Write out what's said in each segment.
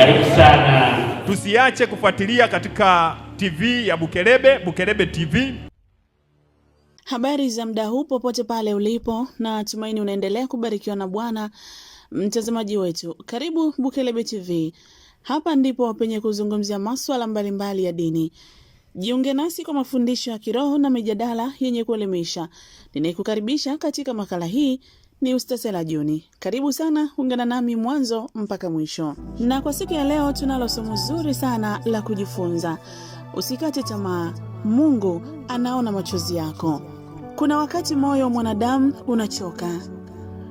Karibu sana. Tusiache kufuatilia katika TV ya Bukelebe, Bukelebe TV. Habari za muda huu popote pale ulipo, na tumaini unaendelea kubarikiwa na Bwana. Mtazamaji wetu, karibu Bukelebe TV. Hapa ndipo penye kuzungumzia masuala mbalimbali ya dini. Jiunge nasi kwa mafundisho ya kiroho na mijadala yenye kuelimisha. Ninaikukaribisha katika makala hii ni Ustasela Juni. Karibu sana, ungana nami mwanzo mpaka mwisho, na kwa siku ya leo tunalo somo zuri sana la kujifunza. Usikate tamaa, Mungu anaona machozi yako. Kuna wakati moyo wa mwanadamu unachoka,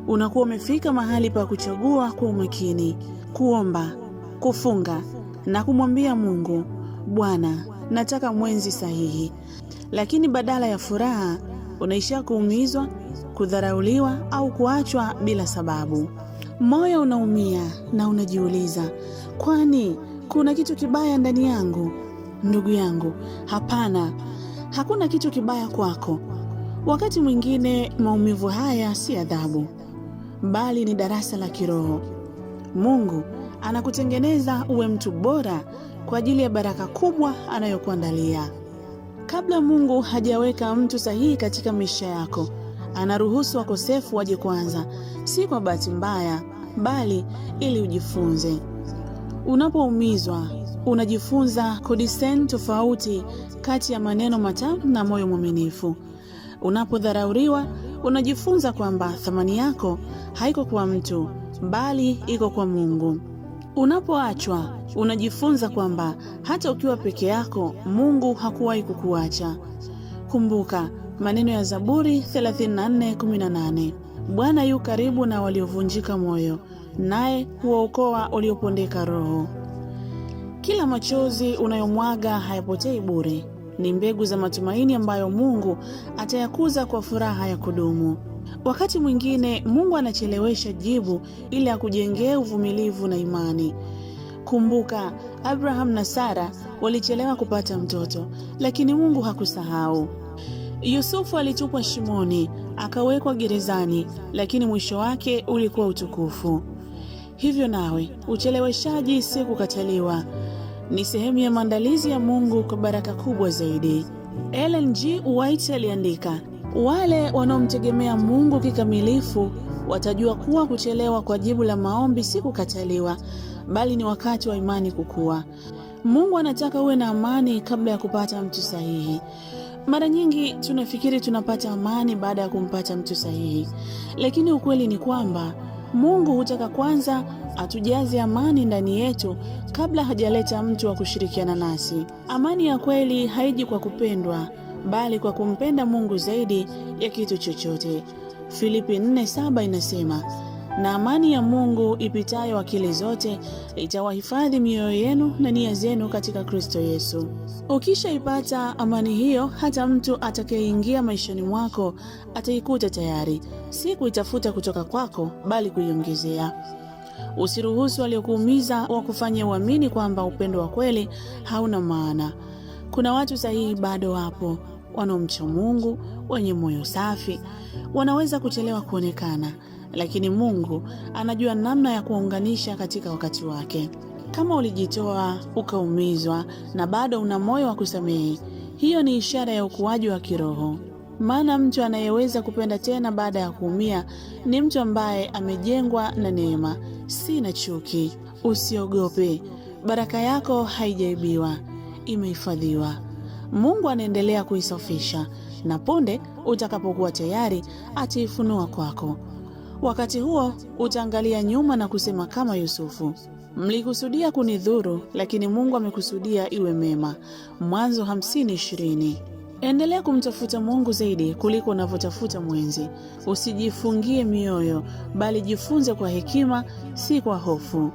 unakuwa umefika mahali pa kuchagua kwa umakini, kuomba, kufunga na kumwambia Mungu, Bwana, nataka mwenzi sahihi, lakini badala ya furaha unaishia kuumizwa kudharauliwa au kuachwa bila sababu. Moyo unaumia na unajiuliza, kwani kuna kitu kibaya ndani yangu? Ndugu yangu, hapana, hakuna kitu kibaya kwako. Wakati mwingine maumivu haya si adhabu, bali ni darasa la kiroho. Mungu anakutengeneza uwe mtu bora kwa ajili ya baraka kubwa anayokuandalia. Kabla Mungu hajaweka mtu sahihi katika maisha yako, anaruhusu wakosefu waje kwanza, si kwa bahati mbaya, bali ili ujifunze. Unapoumizwa unajifunza kudisen tofauti kati ya maneno matamu na moyo mwaminifu. Unapodharauriwa unajifunza kwamba thamani yako haiko kwa mtu, bali iko kwa Mungu. Unapoachwa unajifunza kwamba hata ukiwa peke yako, Mungu hakuwahi kukuacha. Kumbuka, maneno ya Zaburi 34:18, Bwana yu karibu na waliovunjika moyo, naye huwaokoa uliopondeka roho. Kila machozi unayomwaga hayapotei bure, ni mbegu za matumaini ambayo Mungu atayakuza kwa furaha ya kudumu. Wakati mwingine Mungu anachelewesha jibu ili akujengee uvumilivu na imani. Kumbuka, Abrahamu na Sara walichelewa kupata mtoto, lakini Mungu hakusahau. Yusufu alitupwa shimoni, akawekwa gerezani, lakini mwisho wake ulikuwa utukufu. Hivyo nawe ucheleweshaji si kukataliwa, ni sehemu ya maandalizi ya Mungu kwa baraka kubwa zaidi. Ellen G. White aliandika, wale wanaomtegemea Mungu kikamilifu watajua kuwa kuchelewa kwa jibu la maombi si kukataliwa, bali ni wakati wa imani kukua. Mungu anataka uwe na amani kabla ya kupata mtu sahihi. Mara nyingi tunafikiri tunapata amani baada ya kumpata mtu sahihi, lakini ukweli ni kwamba Mungu hutaka kwanza atujaze amani ndani yetu kabla hajaleta mtu wa kushirikiana nasi. Amani ya kweli haiji kwa kupendwa, bali kwa kumpenda Mungu zaidi ya kitu chochote. Filipi 4:7 inasema na amani ya Mungu ipitayo akili zote itawahifadhi mioyo yenu na nia zenu katika Kristo Yesu. Ukishaipata amani hiyo, hata mtu atakayeingia maishani mwako ataikuta tayari, si kuitafuta kutoka kwako, bali kuiongezea. Usiruhusu waliokuumiza kufanya uamini kwamba upendo wa kweli hauna maana. Kuna watu sahihi bado wapo, wanaomcha Mungu, wenye moyo safi, wanaweza kuchelewa kuonekana lakini Mungu anajua namna ya kuwaunganisha katika wakati wake. Kama ulijitoa ukaumizwa na bado una moyo wa kusamehe, hiyo ni ishara ya ukuaji wa kiroho. Maana mtu anayeweza kupenda tena baada ya kuumia ni mtu ambaye amejengwa na neema, si na chuki. Usiogope, baraka yako haijaibiwa, imehifadhiwa. Mungu anaendelea kuisafisha, na punde utakapokuwa tayari ataifunua kwako. Wakati huo utaangalia nyuma na kusema kama Yusufu, mlikusudia kunidhuru, lakini Mungu amekusudia iwe mema. Mwanzo hamsini Endelea kumtafuta Mungu zaidi kuliko unavyotafuta mwenzi. Usijifungie mioyo, bali jifunze kwa hekima, si kwa hofu.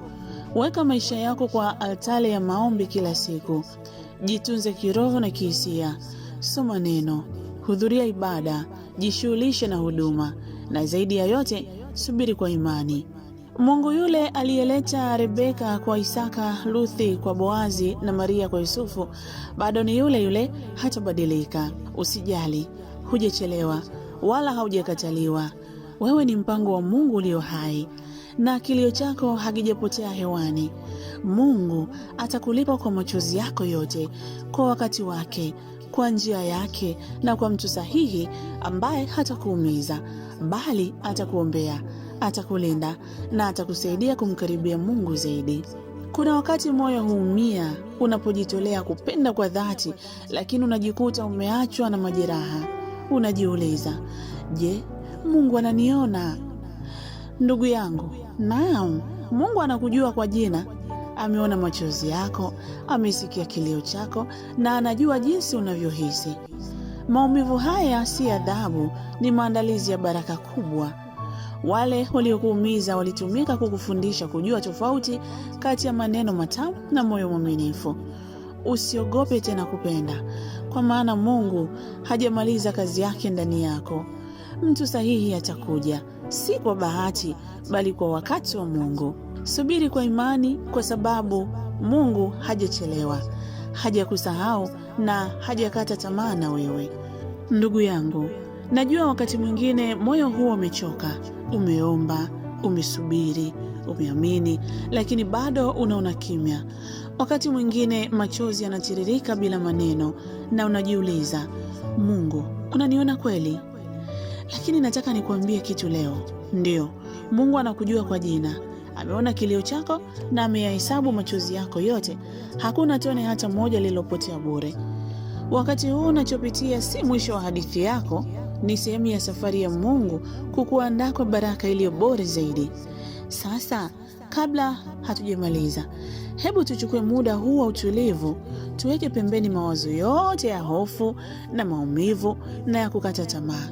Weka maisha yako kwa altare ya maombi kila siku. Jitunze kiroho na kihisia. Soma neno, hudhuria ibada, jishughulishe na huduma na zaidi ya yote subiri kwa imani. Mungu yule aliyeleta Rebeka kwa Isaka, Ruthi kwa Boazi na Maria kwa Yusufu bado ni yule yule, hatabadilika. Usijali, hujachelewa wala haujakataliwa. Wewe ni mpango wa Mungu ulio hai na kilio chako hakijapotea hewani. Mungu atakulipa kwa machozi yako yote kwa wakati wake kwa njia yake na kwa mtu sahihi ambaye hatakuumiza bali atakuombea, atakulinda na atakusaidia kumkaribia Mungu zaidi. Kuna wakati moyo huumia unapojitolea kupenda kwa dhati, lakini unajikuta umeachwa na majeraha. Unajiuliza, je, Mungu ananiona? Ndugu yangu, naam, Mungu anakujua kwa jina ameona machozi yako, amesikia kilio chako na anajua jinsi unavyohisi. Maumivu haya si adhabu, ni maandalizi ya baraka kubwa. Wale waliokuumiza walitumika kukufundisha kujua tofauti kati ya maneno matamu na moyo mwaminifu. Usiogope tena kupenda, kwa maana Mungu hajamaliza kazi yake ndani yako. Mtu sahihi atakuja, si kwa bahati, bali kwa wakati wa Mungu. Subiri kwa imani, kwa sababu Mungu hajachelewa, hajakusahau na hajakata tamaa na wewe. Ndugu yangu, najua wakati mwingine moyo huo umechoka, umeomba, umesubiri, umeamini, lakini bado unaona kimya. Wakati mwingine machozi yanatiririka bila maneno, na unajiuliza, Mungu unaniona kweli? Lakini nataka nikuambie kitu leo. ndio Mungu anakujua kwa jina ameona kilio chako na ameyahesabu machozi yako yote. Hakuna tone hata moja lililopotea bure. Wakati huu unachopitia si mwisho wa hadithi yako, ni sehemu ya safari ya Mungu kukuandaa kwa baraka iliyo bora zaidi. Sasa, kabla hatujamaliza, hebu tuchukue muda huu wa utulivu, tuweke pembeni mawazo yote ya hofu na maumivu na ya kukata tamaa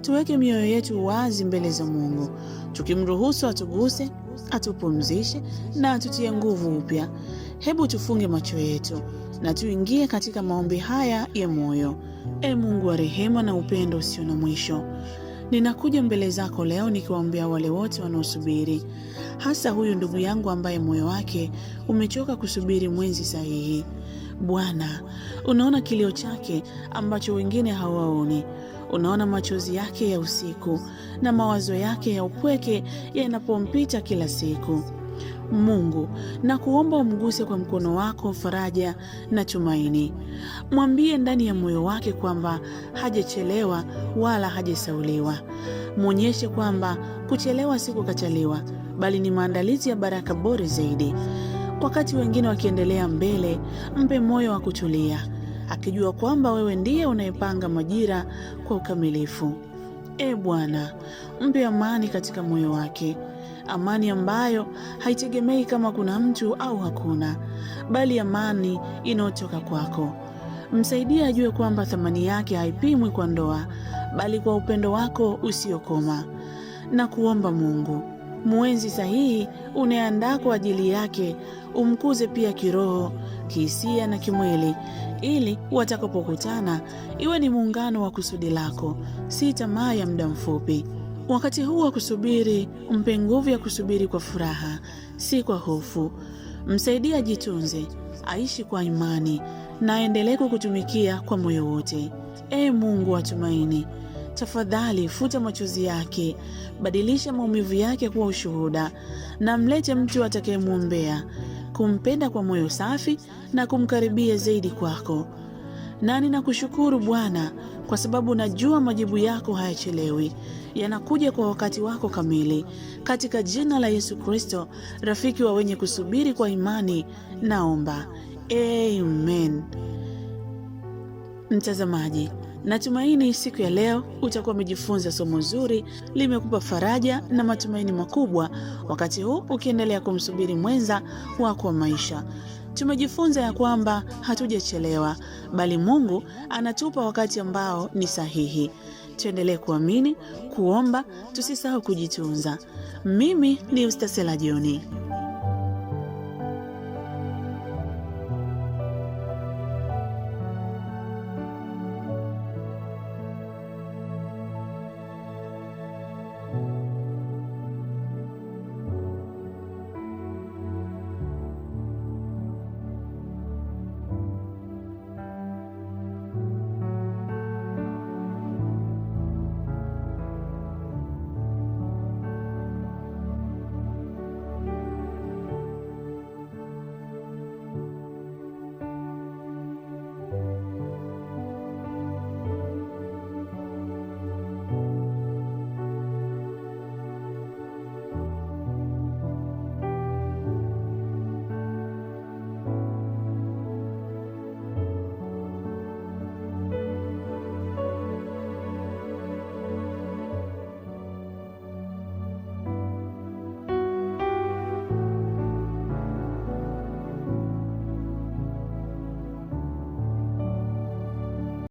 tuweke mioyo yetu wazi mbele za Mungu, tukimruhusu atuguse, atupumzishe na atutie nguvu upya. Hebu tufunge macho yetu na tuingie katika maombi haya ya moyo. E Mungu wa rehema na upendo usio na mwisho, ninakuja mbele zako leo nikiwaombea wale wote wanaosubiri, hasa huyu ndugu yangu ambaye moyo wake umechoka kusubiri mwenzi sahihi. Bwana, unaona kilio chake ambacho wengine hawaoni. Unaona machozi yake ya usiku na mawazo yake ya upweke yanapompita kila siku. Mungu, na kuomba umguse kwa mkono wako faraja na tumaini. Mwambie ndani ya moyo wake kwamba hajachelewa wala hajasauliwa. Mwonyeshe kwamba kuchelewa si kukataliwa, bali ni maandalizi ya baraka bora zaidi. Wakati wengine wakiendelea mbele, mpe moyo wa kutulia akijua kwamba wewe ndiye unayepanga majira kwa ukamilifu. E Bwana, mpe amani katika moyo wake, amani ambayo haitegemei kama kuna mtu au hakuna, bali amani inayotoka kwako. Msaidie ajue kwamba thamani yake haipimwi kwa ndoa, bali kwa upendo wako usiokoma. Na kuomba Mungu mwenzi sahihi unayeandaa kwa ajili yake, umkuze pia kiroho kihisia na kimwili, ili watakapokutana iwe ni muungano wa kusudi lako, si tamaa ya muda mfupi. Wakati huu wa kusubiri, mpe nguvu ya kusubiri kwa furaha, si kwa hofu. Msaidie ajitunze, aishi kwa imani na aendelee kukutumikia kwa moyo wote. Ee Mungu wa tumaini, tafadhali futa machozi yake, badilisha maumivu yake kuwa ushuhuda, na mlete mtu atakayemwombea kumpenda kwa moyo safi na kumkaribia zaidi kwako. Na ninakushukuru Bwana kwa sababu najua majibu yako hayachelewi, yanakuja kwa wakati wako kamili, katika jina la Yesu Kristo, rafiki wa wenye kusubiri kwa imani, naomba amen. Mtazamaji, Natumaini siku ya leo utakuwa umejifunza somo zuri, limekupa faraja na matumaini makubwa, wakati huu ukiendelea kumsubiri mwenza wako wa maisha. Tumejifunza ya kwamba hatujachelewa, bali Mungu anatupa wakati ambao ni sahihi. Tuendelee kuamini, kuomba, tusisahau kujitunza. Mimi ni Ustasela Joni.